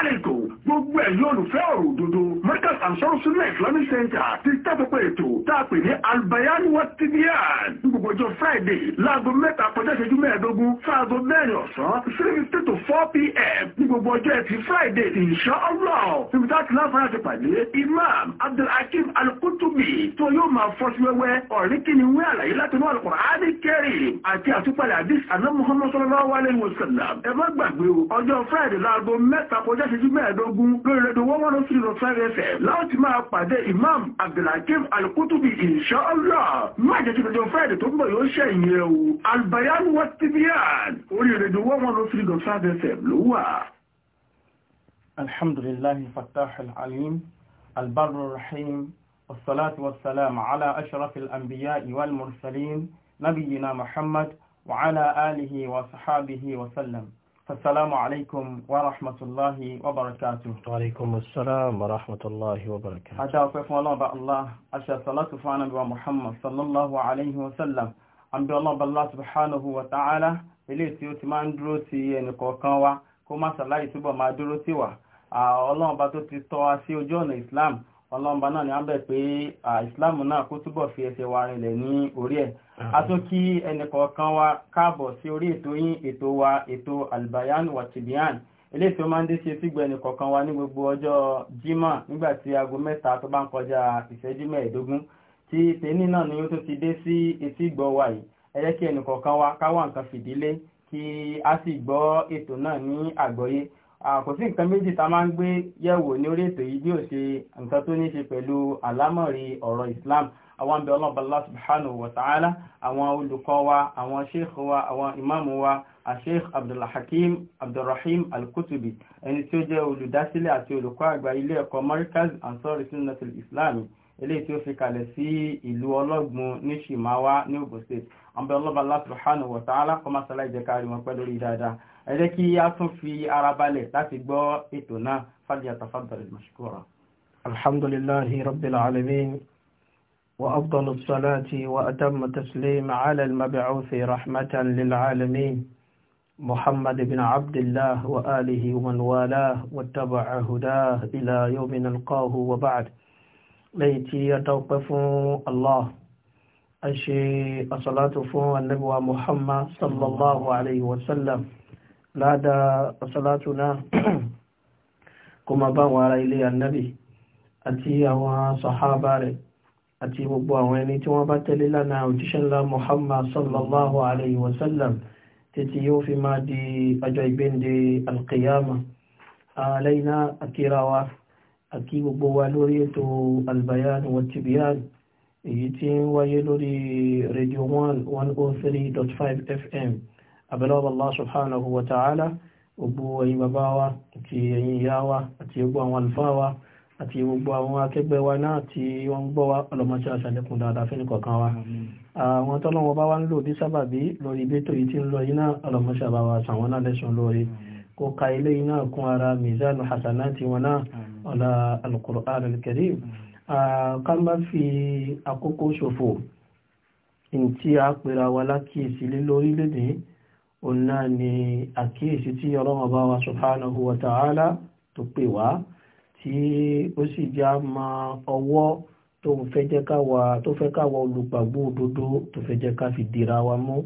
algo. gbogbo ẹ̀yin olùfẹ́ ọ̀rọ̀ òdodo Markaz Ansar Sunnah Islamic Center ti tẹ́tọ̀pọ̀ ètò tá ní albayan tibian gbogbo ọjọ́ Friday láago mẹ́ta kọjá ìṣẹ́jú mẹ́ẹ̀ẹ́dógún fáago mẹ́rin ọ̀sán three fifty to four pm ní gbogbo ọjọ́ ẹtì Friday insha Allah níbi tá a ti láǹfààní àti pàdé Imam Abdulhakeem Al-Qutubi tó yóò máa fọ́ sí wẹ́wẹ́ ọ̀rí kí ni wí àlàyé láti inú Al-Qur'ani Karim àti àtúpalẹ̀ àdís àná Muhammad sallallahu alayhi wa sallam ẹ má gbàgbé o ọjọ́ Friday láago mẹ́ta kọjá ìṣẹ́jú mẹ́ẹ̀ẹ́dógún ogun gbẹ̀rẹ̀dọ̀ wọ́n lọ sí ìrọ̀sẹ́rẹ́ ẹ̀fẹ̀ láti máa pàdé imam abdulhakeem alkutubi inshallah májẹ̀ tí lọ́jọ́ fẹ́ẹ̀dẹ̀ tó ń bọ̀ yóò ṣẹ̀yìn ẹ̀ o albayan wa tibian orí ìrẹ̀dọ̀ wọ́n lọ sí ìrọ̀sẹ́rẹ́ ẹ̀fẹ̀ ló wà. alhamdulillahi fatah alalim albarru rahim والصلاة والسلام على أشرف الأنبياء والمرسلين نبينا محمد وعلى آله وصحابه وسلم السلام عليكم ورحمة الله وبركاته وعليكم السلام ورحمة الله وبركاته أشاء كيف الله الله أشهد صلاة فانا محمد صلى الله عليه وسلم عن الله بالله سبحانه وتعالى ilé tí ó ti máa ń dúró ti ẹnìkọ̀ọ̀kan wa kó má ṣàláì túbọ̀ máa dúró ọlọ́mba náà ni a bẹ̀ pé ìsìláàmù náà kó túbọ̀ fi ẹsẹ̀ wa rinlẹ̀ ní orí ẹ̀ a tún kí ẹnìkọ̀ọ̀kan wa káàbọ̀ sí orí ètò yín ètò wa ètò albayan wa tibian eléyìí tó máa ń dé sí etígbọ̀ ẹnìkọ̀ọ̀kan wa ní gbogbo ọjọ́ Jímọ̀ nígbà tí aago mẹ́ta tó bá ń kọjá ìṣẹ́jú mẹ́ẹ̀ẹ́dógún tí tèmi náà ni ó tún ti dé sí etígbọ̀ wa yìí ẹ jẹ́ kí ẹnìkọ̀ọ̀kan wa káwá nǹkan fìdílé kí a sì gbọ́ ètò náà ní àgbọ́yé kò sí nǹkan méjì tá a máa ń gbé yẹ̀wò ní orí ètò yìí bí ó ṣe nǹkan tó ní ṣe pẹ̀lú àlámọ̀rí ọ̀rọ̀ Islam àwọn àbẹ̀ ọlọ́bàlá subhanahu wa ta'ala àwọn olùkọ́ wa àwọn sheikh wa àwọn imáàmù wa asheikh abdulhakim abdulrahim alkutubi ẹni tí ó jẹ́ olùdásílẹ̀ àti olùkọ́ àgbà ilé ẹ̀kọ́ markaz ansori sunnatul islami eléyìí tí ó fi kalẹ̀ sí ìlú ọlọ́gbun ní shimawa ní Ogun State àbẹ̀ ọlọ́bàlá subhanahu wa ta'ala kọ́másálà ìjẹ́kárí wọn pẹ́ lórí dáadáa ẹ jẹ́ kí a tún fi ara balẹ̀ láti gbọ́ ètò náà falyatafaddal mashkura. alhamdulillahi rabbil alamin wa afdalus salati wa atamma taslim ala al rahmatan lil alamin محمد بن عبد الله وآله ومن والاه واتبع هداه إلى يوم نلقاه وبعد ليتي أتوقف الله أشي الصلاة فوق النبوة محمد صلى الله عليه وسلم ládàá ọ̀sọ́látù náà kó máa bá wọn ará ilé ànábì àti àwọn sàhábà rẹ̀ àti gbogbo àwọn ẹni tí wọ́n bá tẹ̀lé lánàá òjíṣẹ́ ńlá Muhammad sallallahu alayhi wa sallam títí yóò fi máa di ọjọ́ ìgbéǹde alqiyama alayna akirawa àti gbogbo wa lórí ètò albayan wa tibiyan èyí tí ń wáyé lórí radio 103.5 FM abẹ́lọ́wọ́ Allah subhanahu wa ta'ala gbogbo ẹ̀yin bàbá wa àti ẹ̀yin ìyá wa àti gbogbo àwọn àlùfáà wa àti gbogbo àwọn akẹgbẹ́ wa náà tí wọ́n ń gbọ́ wa ọlọ́mọṣẹ àṣàlẹkùn dáadáa fẹ́ni kọ̀ọ̀kan wa àwọn tọ́lọ́wọ́ bá wá ń lò ní sábàbí lórí ibétò yìí tí ń lọ yìí náà ọlọ́mọṣẹ àbáwá sàwọn náà lẹ́sùn lórí kó ka ilé yìí náà kún ara mizanu hasanati wọn náà ọ̀la alukur'an alkarim ká má fi àkókò ṣòfò ní tí a pèrà wa lákìí ọ̀nà ni àkíyèsí tí ọlọ́wọ́ bá wa subhanahu wa ta'ala tó pè wá tí ó sì já ma ọwọ́ tó fẹ́ jẹ́ káwa tó fẹ́ káwa olùgbàgbọ́ òdodo tó fẹ́ jẹ́ ká fi dìra wa mú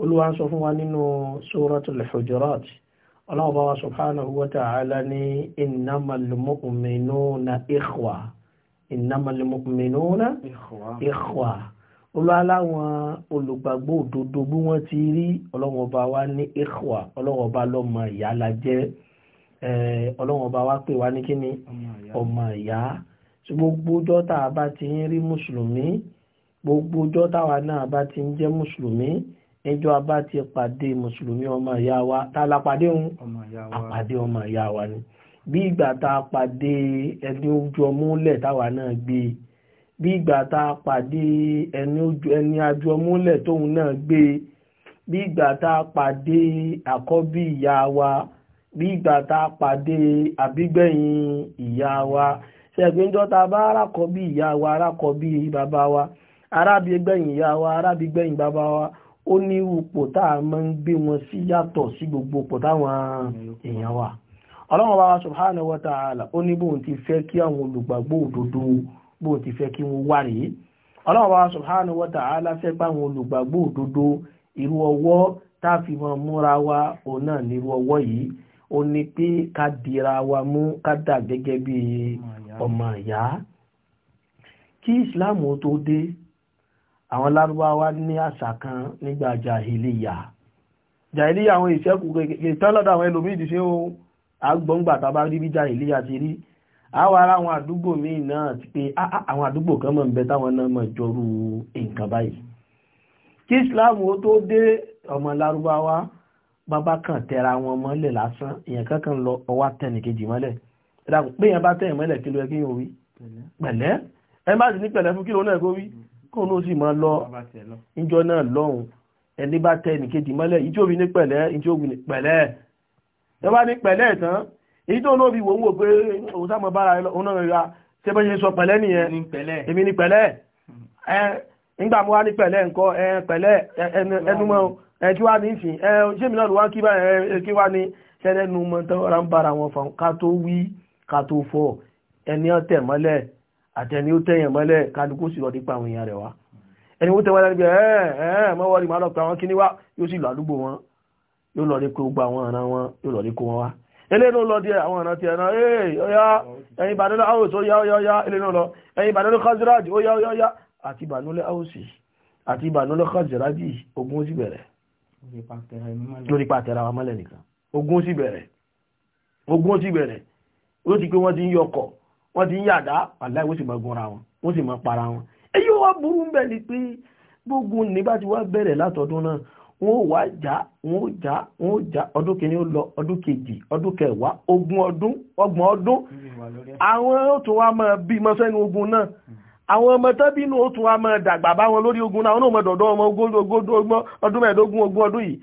olúwa ń sọ fún wa nínú suratul olúwaláwọn olùgbàgbọ́ òdodo bí wọ́n ti rí ọlọ́wọ́n wa ní ikhwa ọlọ́wọ́n ọba lọ́mọ ìyá la jẹ́ ọlọ́wọ́n ọba wa pè wá ní kíni ọmọ ìyá tí gbogbo ọjọ́ tá a bá ti ń rí mùsùlùmí gbogbo ọjọ́ táwa náà bá ti ń jẹ́ mùsùlùmí ẹjọ́ a bá ti pàdé mùsùlùmí ọmọ ìyá wa tá a la pàdé òun àpàdé ọmọ ìyá wa ni bí ìgbà tá a pàdé ẹni ojú ọmú lẹ̀ táwa náà gbé e bí ìgbà tá a pàdé ẹni ajú ọmúlẹ̀ tóun náà gbé bí ìgbà tá a pàdé àkọ́bí ìyá wa bí ìgbà tá a pàdé àbígbẹ̀yìn ìyá wa ṣẹ̀gbẹ́njọ́ bá arákọ̀bí ìyá wa arákọ̀bí bàbá wa arábígbẹ̀yìn ìyá wa arábígbẹ̀yìn bàbá wa ó ní ipò tá a máa ń gbé wọn sí yàtọ̀ sí gbogbo ipò táwọn èèyàn wa ọlọ́run bá wa subhanahu wa ta'ala ó ní bóun ti fẹ́ kí àwọn olùgbàgbọ́ òdodo bó ti fẹ́ kí wọ́n wà rèé ọlọ́run bá subhanahu wa ta'ala fẹ́ páwọn olùgbàgbọ́ òdodo irú ọwọ́ tá a fi mọ múra wa òun náà nírú ọwọ́ yìí ó ní pé ká dira wa mú ká dà gẹ́gẹ́ bí ọmọ ìyá kí islam tó dé àwọn lárúbáwá ní àṣà kan nígbà jahiliya jahiliya àwọn ìṣẹ́kù kékeré tán lọ́dọ̀ àwọn ẹlòmíì ti ṣe ó àgbọ̀ngbà tá a bá rí bí jahiliya ti rí àwọn ará àwọn àdúgbò míì náà ti pé ah, ah, àwọn àdúgbò kan mọ̀ ń bẹ táwọn náà mọ̀ jọrú nǹkan báyìí kí Islam ó tó dé ọmọ lárúbáwá bàbá kan tẹra wọn mọ́lẹ̀ lásán èèyàn kankan lọ ọwá tẹnìkejì mọ́lẹ̀ ìdàkùn pé èèyàn bá tẹ̀yìn mọ́lẹ̀ kí ló yẹ kí yóò wí pẹ̀lẹ́ ẹ má sì ní pẹ̀lẹ́ fún kí ló náà kó wí kó ló sì máa lọ níjọ náà lọ́hùn ẹni bá tẹnìkejì mọ́lẹ̀ ìjọ́ òbí ní pẹ̀lẹ́ ìjọ́ òbí ní pẹ̀lẹ́ ẹ bá ní pẹ̀lẹ́ tán èyí tó náà bí wò ń wò pé òun sáà mọ bára òun náà rà ṣé bẹ́ẹ̀ ṣe sọ pẹ̀lẹ́ nìyẹn èmi ni pẹ̀lẹ́ hmm. ẹ ńgbà mo wá ní pẹ̀lẹ́ ńkọ́ ẹ pẹ̀lẹ́ ẹnu mọ́ ẹ kí wá ní ìsìn ẹ ṣé mi náà ló wá kí báyẹn kí wá ní ṣẹlẹ̀ nu mọ́ tán ọ̀rá ń bára wọn fà ká tó wí ká tó fọ ẹni ó tẹ̀ mọ́lẹ̀ àtẹni ó tẹ̀yàn mọ́lẹ̀ kálukú sì lọ dípa àwọn èèyàn rẹ̀ wá ẹni wọ́n tẹ́wọ́n lẹ́gbẹ̀ẹ́ ẹ̀ẹ́ mọ́wọ́rì máa lọ pé àwọn kíní wá yóò sì lọ àdúgbò wọn yóò lọ rí kó gbà wọn àná wọn yóò lọ rí kó wọn wá eléyìí lọ díẹ̀ àwọn ọ̀nà ti ẹ̀nà ẹ̀yìn ẹ̀yìn bàdánlẹ̀ house ó yá ó yá eléyìí lọ ẹ̀yìn bàdánlẹ̀ khaziraj ó yá ó yá àti bàdánlẹ̀ house àti bàdánlẹ̀ khaziraj ogun sì bẹ̀rẹ̀ lórí pàtẹ́ra wa mọ́lẹ̀ nìkan ogun sì bẹ̀rẹ̀ ogun sì bẹ̀rẹ̀ ó ti pé wọ́n ti ń yọkọ̀ wọ́n ti ń yàdá aláìwó sì máa gunra wọn wọ́n sì máa para wọn èyí wọ́n burú ń bẹ̀ ni pé gbógun nígbà tí wọ́n bẹ̀rẹ̀ látọdún náà wọ́n wá já wọ́n já wọ́n já ọdún kìíní ó lọ ọdún kejì ọdún kẹwàá ogún ọdún ọgbọ̀n ọdún àwọn ó tún wá máa bímọ sẹ́nu ogun náà àwọn ọmọ tó bínú ó tún wá máa dàgbà bá wọn lórí ogun náà àwọn náà mọ̀ dọ̀dọ̀ ọmọ ogún ọdún mẹ́ẹ̀ẹ́dógún ogún ọdún yìí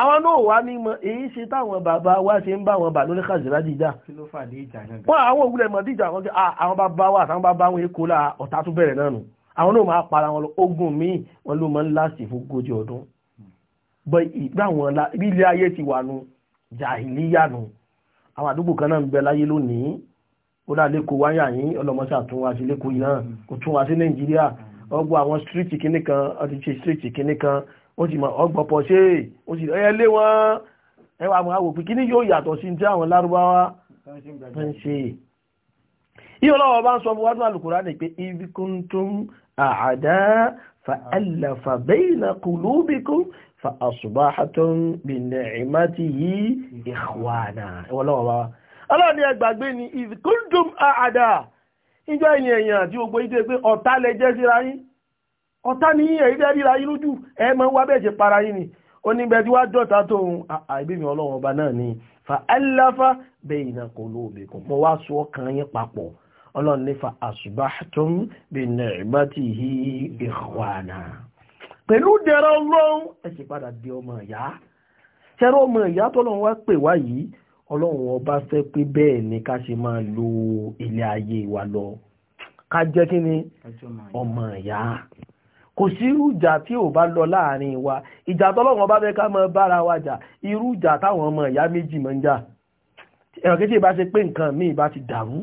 àwọn náà wá ní mọ èyí ṣe táwọn bàbá wa ṣe ń bá wọn bà lórí kàzìrá dìjà wọ́n àwọn òwúrẹ̀ mọ̀ dìjà wọn kí ah, àwọn bàbá wa àtàwọn bàbá wọn èkó la ọ̀tá tún bẹ̀rẹ̀ náà nù àwọn náà máa para wọn lọ ogun míì wọn ló máa ń láṣì fún ogójì ọdún bọ́ ìgbàwọn ilé ayé ti wà nù jàhìlíyà nù àwọn àdúgbò kan náà ń bẹ láyé lónìí ó dá lẹ́kọ̀ọ́ wáyà yín ọlọ́mọṣà tún wá sí lẹ́kọ̀ọ́ yìí náà kò tún wá sí nàìjíríà ọgbọ́ àwọn street kìíní kan ọtí ṣe street kìíní kan ó sì mọ ọgbọ́pọ̀ ṣe ó sì ẹ lé wọn ẹ wà mọ kìíní yóò yàtọ̀ sí ti àwọn lárúbáwá tó ń ṣe. yíyọ lọ́wọ́ ń sọ fún wàdúrà lùkùrá فألف بين قلوبكم فأصبحتم بنعمته إخوانا والله ọlọ́run ni ẹgbàgbé ni ìkúndùm àádá ìjọ ìyẹn èèyàn àti gbogbo ìdí pé ọ̀tá lẹ jẹ́ síra yín ọ̀tá ní yíyẹ̀ ìdẹ́ ríra yín lójú ẹ mọ wá bẹ́ẹ̀ ṣe para yín ni onígbẹ̀dí wá jọ́ta tóun àìbími ọlọ́run ọba náà ni fa aláfa bẹ́ẹ̀ ìnàkọ̀ lóòbẹ̀kùn mo wá so ọkàn yín papọ̀ ọlọ́run nífa asbahtum bi ni'matihi ikhwana pẹ̀lú dẹ̀rọ ọlọ́run ẹ sì padà di ọmọ ìyá tẹ́rọ ọmọ ìyá tọ́lọ́run wá pè wá yìí ọlọ́run ọba fẹ́ pé bẹ́ẹ̀ ni ká ṣe máa lo ilé ayé wa lọ ká jẹ́ kí ni ọmọ ìyá kò sí irú ìjà tí ò bá lọ láàrin wa ìjà tọ́lọ́wọ́n bá fẹ́ ká mọ́ bára wa jà irú ìjà táwọn ọmọ ìyá méjì mọ́ ń jà ẹ̀rọ kí tí ìbá ṣe pé nǹkan míì bá ti dàrú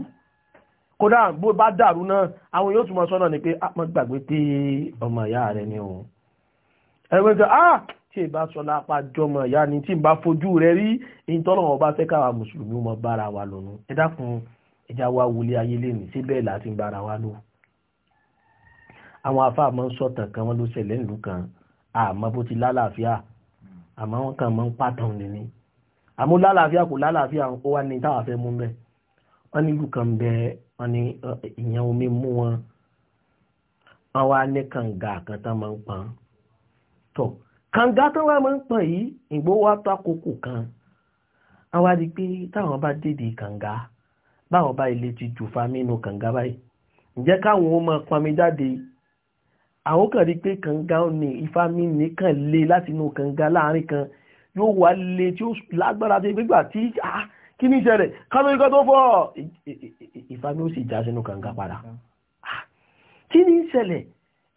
kódà bó bá dàrú náà àwọn yóò túnmọ̀ sọ́nà ní pé àpọ̀ ah, gbàgbé pé ọmọ ìyá rẹ̀ ni òun ẹgbẹ́ tó á tí ìbá sọ lápá jọmọ ìyá ni tí ìbá fojú rẹ̀ rí ìtọ́lọ̀ ọba fẹ́ káwa mùsùlùmí ọmọ bára wa lọ́nu ẹ dákun ẹjá wa wulé ayé lẹ́nu sí bẹ́ẹ̀ láti bára wa lò àwọn afáà máa ń sọ̀tàn kan wọ́n ló ṣẹlẹ̀ ńlú kan àmọ́ bó ti lálàáfíà àmọ́ wọn kàn máa ń pàtàn wọ́n ní ìlú kan bẹ wọ́n ní ìyẹn omi mú wọn wọ́n wá ní kànga kan tán máa ń pọn tọ̀ kànga tán wá máa ń pọn yìí ìgbó wá tó àkókò kan wọ́n wá di pé táwọn bá dédìí kànga báwọn bá ilé ti jù fami inú kànga báyìí ǹjẹ́ káwọn ó máa pọnmi jáde àwọn kan rí pé kànga ò ní ìfami nìkan lé láti inú kànga láàrin kan yóò wá lé tí ó lágbára tó gbégbà tí ah kí ní ìṣẹ̀lẹ̀ kátólíkà tó fọ́ ìfami ó sì já sínú kànga padà ah, kí ní ìṣẹ̀lẹ̀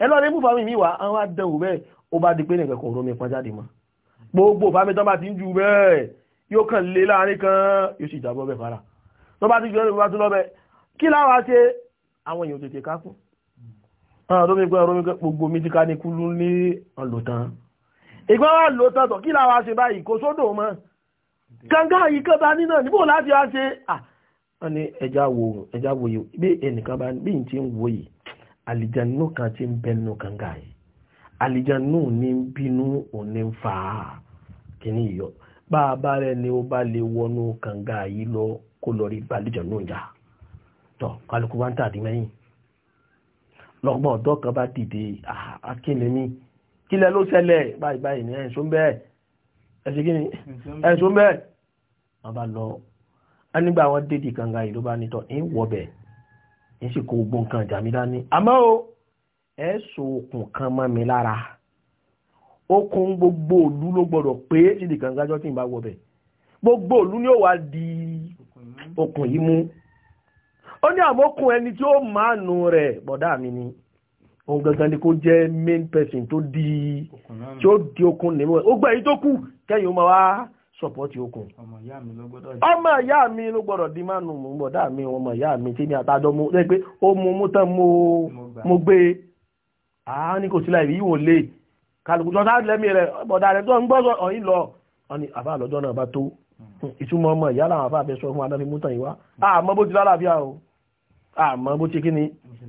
ẹ lọ rẹ́mú fami mi wá àwọn adẹ́wò bẹ́ẹ̀ ó bá di pé nìkan kò rómi pọn jáde mọ́ gbogbo fami tó bá ti ń ju bẹ́ẹ̀ yóò kàn lé láàrin kan yóò sì jábọ́ bẹ́ẹ̀ fara tó bá ti jọ lóbi bá tún lọ́bẹ̀ kí láwa ṣe àwọn èèyàn gàngá yìí kan ta nínà níbò láti wá ṣe wọ́n ní ẹja wo ẹja wo yìí bí ẹnìkan bá bí n ti ń wo yìí àlìjànú kan ti ń bẹnu gàngá yìí àlìjànú ní ń bínú òní ń fà á kìíní yìí bá a bá rẹ ni ó bá lè wọnú gàngá yìí lọ kó lọ rí àlìjànú ìjà tọ kálukú bá ń tàdí mẹ́yìn lọ́gbọ̀n ọ̀dọ́ kan bá dìde akínlẹ́mí kílẹ̀ ló ṣẹlẹ̀ báyìí báyìí ní ẹ̀ ṣó ń bẹ́ẹ̀ ẹ̀sìn ni ẹ̀sùn bẹ́ẹ̀ wọ́n bá lọ nígbà wọn dédì kànga yìí ló bá nítọ̀ ń wọ̀bẹ̀ ń sì kó gbọ́n kan jàmí dání àmọ́ o ẹ̀ so okùn kan mọ́ mi lára okùn gbogbo òlú ló gbọ́dọ̀ pé sídì kànga jọ́ tí ń bá wọ̀bẹ̀ gbogbo òlú ni ó wá di okùn yìí mú ó ní àmọ́ okùn ẹni tí ó máa nù rẹ̀ bọ̀dá mi ni òun gangan ni kó jẹ́ main person tó di tí ó di okun nínú ẹ̀ ó gbẹ́ èyí tó kù kẹ́yìn ó máa wá sọ̀pọ̀tì okun. ọmọ ìyá mi ló gbọ́dọ̀ di. ọmọ ìyá mi ló bọ̀dá mi ọmọ ìyá mi tí mi àtàjọ mo rẹ́ ó mu mú tán mo gbé e àá ní kò sí láì rí ìwò lè kálukú tó sáré lẹ́mí rẹ̀ bọ̀dá rẹ̀ tó ń gbọ́ sọ ọ̀yìn lọ wọn ni àbá àlọ́jọ́ náà bá tó hmm. ìtumọ̀ ọmọ ìyá làwọn àbá fẹ́ sọ fún adáfi mú tán ìwá hmm. àmọ́ bó ti lálàáfíà o àmọ́ bó ti kí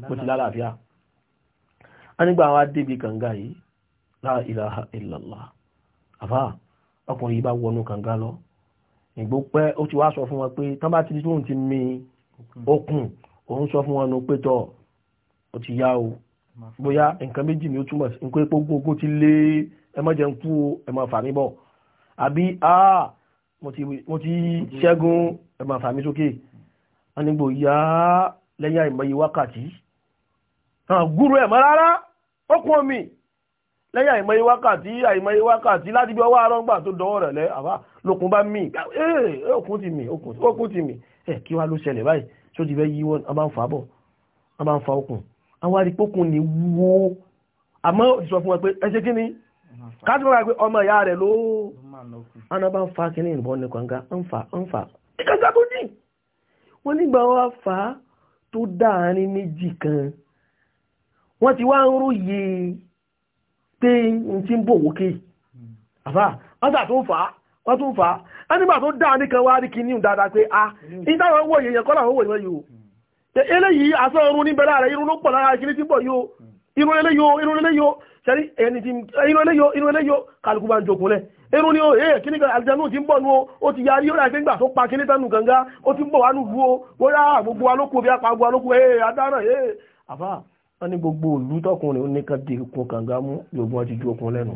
bó ti lálàáfíà a nígbà wá kanga kànga la ilaha illallah àfá ọkùnrin yìí bá wọnú kànga lọ ìgbó pẹ́ ó ti wá sọ fún wọn pé tán bá ti di tóun ti mi okùn òun sọ fún wọn nu pé tọ́ ó ti yá o bóyá nǹkan méjì ni ó túmọ̀ sí nǹkan epo gbogbo ti lé ẹ má jẹun kú o ẹ má fà mí bọ̀ àbí a mo ti ṣẹ́gun ẹ má fà mí sókè wọn nígbò yá lẹ́yìn àìmọye wákàtí gúrú ẹ̀ rárá ó kún omi lẹ́yìn àìmọye wákàtí àìmọye wákàtí láti bí ọwọ́ arọ́ngbà tó dọwọ́ rẹ̀ lẹ́ àbá lókun bá mì ee okun ti mì okun ti mì ẹ kí wá ló ṣẹlẹ̀ báyìí tó ti fẹ́ yí wọn a máa ń fa bọ̀ a máa ń fa okùn àwọn arìpókun ni wó àmọ́ ìsọ fún wa pé ẹ ṣe kí ni káàtì wọn pé ọmọ ìyá rẹ̀ ló ana bá ń fa kí ni ìbọn ní kànga ń fa ń fa ìkànga tó dì wọ́n nígbà wọn fa tó dáa ní méjì kan wọ́n ti wá ń rú yìí pé n ti ń bò wókè ọ́sà tó fà á wọ́n tún fà á á nígbà tó dáa nìkan wá rí kí ní dáadáa pé a ah, ìdáwọn hmm. wòye yẹn kọ́ làwọn wòye o hmm. eléyìí aṣọ irun ní bẹ̀rẹ̀ irun ló pọ̀ lára ìkíní tí ń bọ̀ yìí irun eléyìí hmm. irun eléyìí o irun irun bá irun ni ee eh, ti ń bọ̀ nu o ó ti pa wọ́n ní gbogbo òlú tọkùnrin oníkan di okun kànga mú yorùbá wọn ti ju okun lẹ́nu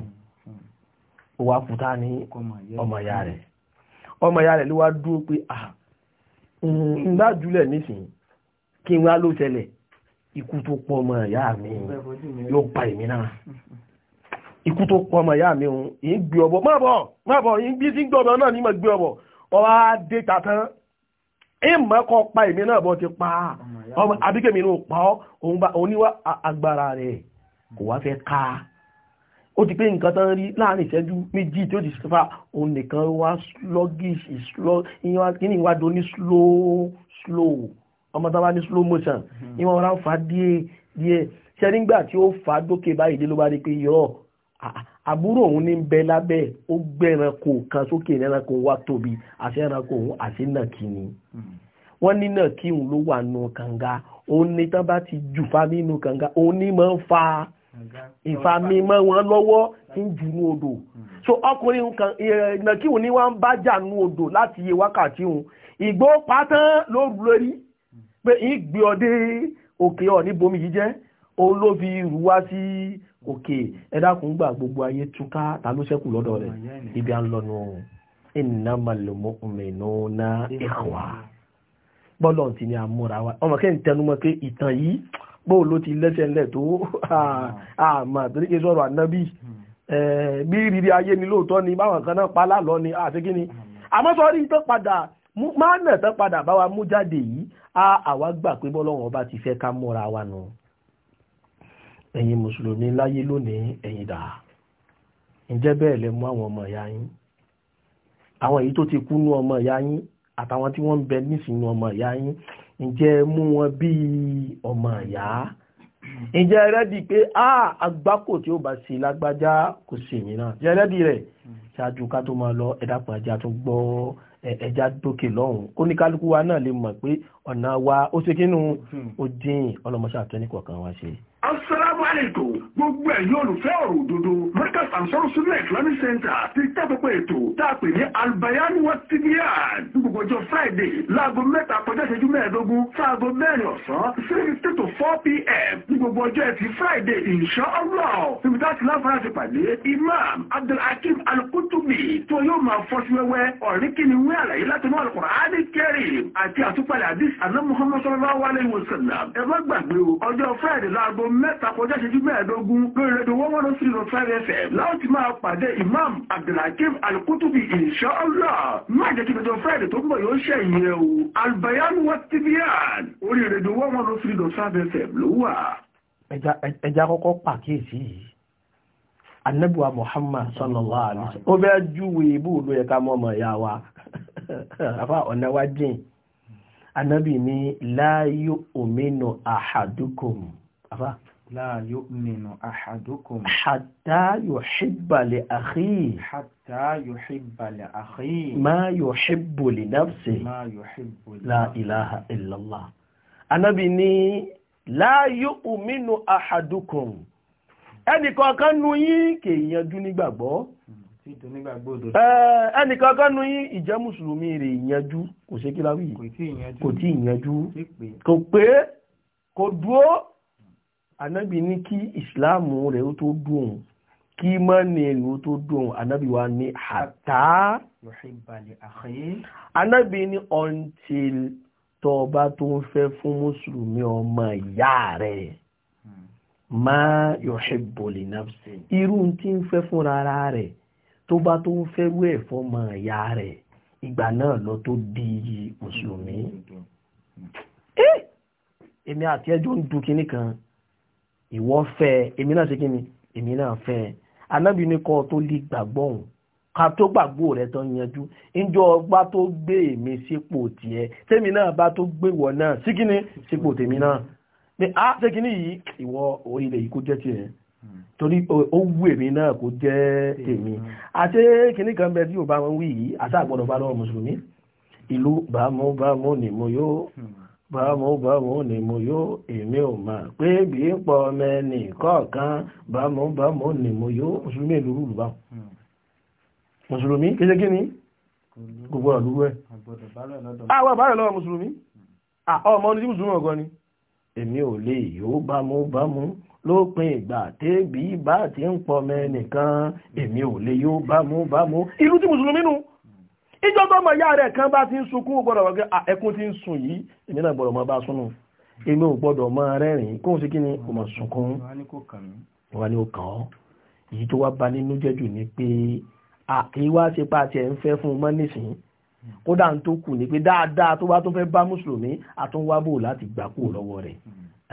ó wá kúta ní ọmọ ìyá rẹ̀ ọmọ ìyá rẹ̀ ló wá dúró pé à ń bá jùlẹ̀ nísìnyí kí n wá ló ṣẹlẹ̀ ikú tó pọ̀ ọmọ ìyá mi yóò pa èmi náà ikú tó pọ̀ ọmọ ìyá mi òun gbé ọbọ má bọ̀ gbé sí gbọ̀bọ̀ náà ní mọ̀ gbé ọbọ ọwá ìmọ̀ kan pa èmi náà bọ́ ti pa àbíkèmí inú pa ọ́ òun níwá agbára rẹ̀ kò wá fẹ́ ká ó ti pé nǹkan tán rí láàrin ìṣẹ́jú méjì tí ó ti sọ́fà òun nìkan wá sluggish kíní wá do ní slow slow ọmọ tán bá ní slow motion mhm. ìwọ̀n ọ̀rá ń fa díẹ̀ díẹ̀ ṣẹ́rígbà tí ó fa dókè báyìí dé ló bá rí pé yọ àbúrò òun ní bẹ lábẹ́ ó gbẹ́ranko kan sókè ẹranko wá tóbi àṣẹ ẹranko òun àṣẹ náà kì ni hmm. wọ́n ní náà kí òun ló wà nù kànga òun ní tán bá ti jù fami nù kànga òun ní máa ń fa ìfami mọ́ wọn lọ́wọ́ ń jù nù odò hmm. so ọkùnrin kan ìrìnà kí òun ní wọ́n bá jà nù odò láti iye wákàtí òun ìgbó pátán ló lórí hmm. pé ìgbé òkè ọ̀ níbomi yìí jẹ́ òun ló fi rù wá sí òkè ẹ̀dàkùn gbà gbogbo ayé túká ta ló ṣẹ́kù lọ́dọ̀ rẹ̀ ibi à ń lọ nù innamal mu'minuna ikhwa bọ́lọ̀ tí ni a múra wa ọmọ kẹ́ ń tẹnumọ́ pé ìtàn yìí bóò ló ti lẹ́sẹ̀ ńlẹ̀ tó àmà torí kí sọ̀rọ̀ ànábì bí rírí ayé ni lóòótọ́ ni báwọn kan náà palá lọ ni àti kí ni àmọ́ sọ rí tó padà máa nà tó padà bá wa mú jáde yìí àwa gbà pé bọ́lọ́wọ́n ọba ti fẹ́ ká múra wa nù ẹ̀yin mùsùlùmí láyé lónìí ẹ̀yin dà ǹjẹ́ bẹ́ẹ̀ lẹ mú àwọn ọmọ ìyá yín àwọn èyí tó ti kú nú ọmọ ìyá yín àtàwọn tí wọ́n ń bẹ nísìnyí ọmọ ìyá yín ǹjẹ́ mú wọn bíi ọmọ ìyá ǹjẹ́ rẹ́dì pé a agbákò tí ó bá sí lágbájá kò sí mìíràn jẹ́ rẹ́dì rẹ̀ ṣáájú ká tó máa lọ ẹ̀dàpọ̀ ajá tó gbọ́ ẹja dókè lọ́hùn kó ní kálukú wa náà lè mọ̀ pé ọ̀nà wa ó ṣe kínú hmm. ó dín ọlọ́mọṣà tó wa ṣe lálejò gbogbo ẹ̀yin olùfẹ́ ọ̀rọ̀ òdodo Markaz Ansar Sunnah Islamic ti tẹ́pẹ́pẹ́ ètò tá a pè ní albayani wa tibian gbogbo ọjọ́ Friday láago mẹ́ta kọjá ìṣẹ́jú mẹ́ẹ̀ẹ́dógún sáago mẹ́rin ọ̀sán three fifty to four pm gbogbo ọjọ́ ẹtì Friday insha Allah níbi láǹfààní àti pàdé Imam Abdulhakeem al tó yóò máa fọ́ wẹ́wẹ́ ọ̀rí wí ìṣẹ́jú mẹ́ẹ̀ẹ́dógún lórí rédíò wọ́n wọ́n láti máa pàdé imam abdulhakeem alkutubi insha Allah jẹ́ kí lọ́jọ́ fẹ́rẹ́ tó ń bọ̀ yóò ṣẹ̀yìn rẹ̀ o albayan wa orí rédíò wọ́n wọ́n ló wà. ẹja kọ́kọ́ pàkíyèsí yìí anabuwa muhammad sallallahu alayhi wasallam ó bẹ́ẹ̀ júwe ibú ló yẹ ká mọ́ ọmọ wa àfa ọ̀nà wa jìn anabi ni la yu'minu ahadukum La yu'minu ahadukum. Hatta yuhibba li akhi. Hatta yuhibba li akhi. Ma yuhibbu li nafsi. Ma yuhibbu li La ilaha illallah. Anábi ní, La yu'minu ahadukum. Ẹnìkan kan nu yín kè yanjú nígbàgbọ́. Ẹnìkan kan nu yín ìjẹ́ Mùsùlùmí rè yanjú. Kò ṣe kí láwí? Kò tí yanjú. Kò pé kò dúó anabi ní kí ìsìláàmù rẹ̀ ó tó dùn kí mọ́ni rẹ̀ ó tó dùn anabi wa ní hatta anabi ní until tó bá tó ń fẹ́ fún mùsùlùmí ọmọ ìyá rẹ̀ ma yuhibbu li nafsi irú tí ń fẹ́ fún rárá rẹ̀ tó bá tó ń fẹ́ wé ẹ̀fọ́ di mùsùlùmí eh! èmi àti ẹjọ́ ń du kan ìwọ fẹ́ èmi náà ṣe kí ni èmi náà fẹ́ anábì ní kọ́ tó lè gbàgbọ́ òun ká tó gbàgbọ́ rẹ̀ tó yanjú ńjọ́ ọgbà tó gbé èmi sípò tiẹ̀ tèmi náà bá tó gbé wọ̀ náà sí kí ni sípò tèmi náà pé á ṣe kí ni yìí ìwọ orílẹ̀ yìí kó jẹ́ tiẹ̀ hmm. torí ó wù èmi náà kó jẹ́ tèmi hmm. àti kìnnì kan bẹ tí ò bá wí yìí àti àgbọ̀dọ̀ bá lọ́wọ́ mùsùlùmí ìlú bàmú bàmú ni mo yóò hmm bámúbámú ni mo yó èmi ò mà pé bí ń pọ ọmọ ẹnì kọ̀ọ̀kan bámúbámú ni mo yó mùsùlùmí ìlú rúlù báwọn mùsùlùmí kéṣe kí ni gbogbo ọ̀lúwú ẹ̀ àwọn àbárẹ̀ lọ́wọ́ mùsùlùmí ọmọ oníṣẹ́ mùsùlùmí ọ̀gọ́ ni èmi ò lè yóò bámúbámú lópin ìgbà tẹ́bí bá ti ń pọ ọmọ ẹnìkan èmi ò lè yóò bámúbámú ìlú tí mùsùlùmí nù ìjọ tó mọ̀ ìyá rẹ̀ kan bá ti ń sunkún gbọ́dọ̀ wọ́n pé ẹkún ti ń sùn yìí èmi náà gbọ́dọ̀ mọ́ bá súnú èmi ò gbọ́dọ̀ mọ́ rẹ́rìn kóhun sí kí ni kò mọ̀ sunkún wà ní ọkàn ọ́ èyí tó wá ba nínú jẹ́jù ni pé àìwá ṣe pa àti ẹ̀ ń fẹ́ fún un mọ́ nísìnyí kódà ń tó kù ní pé dáadáa tó bá tó fẹ́ bá mùsùlùmí àtúnwábò láti gbà kú lọ́wọ́ rẹ̀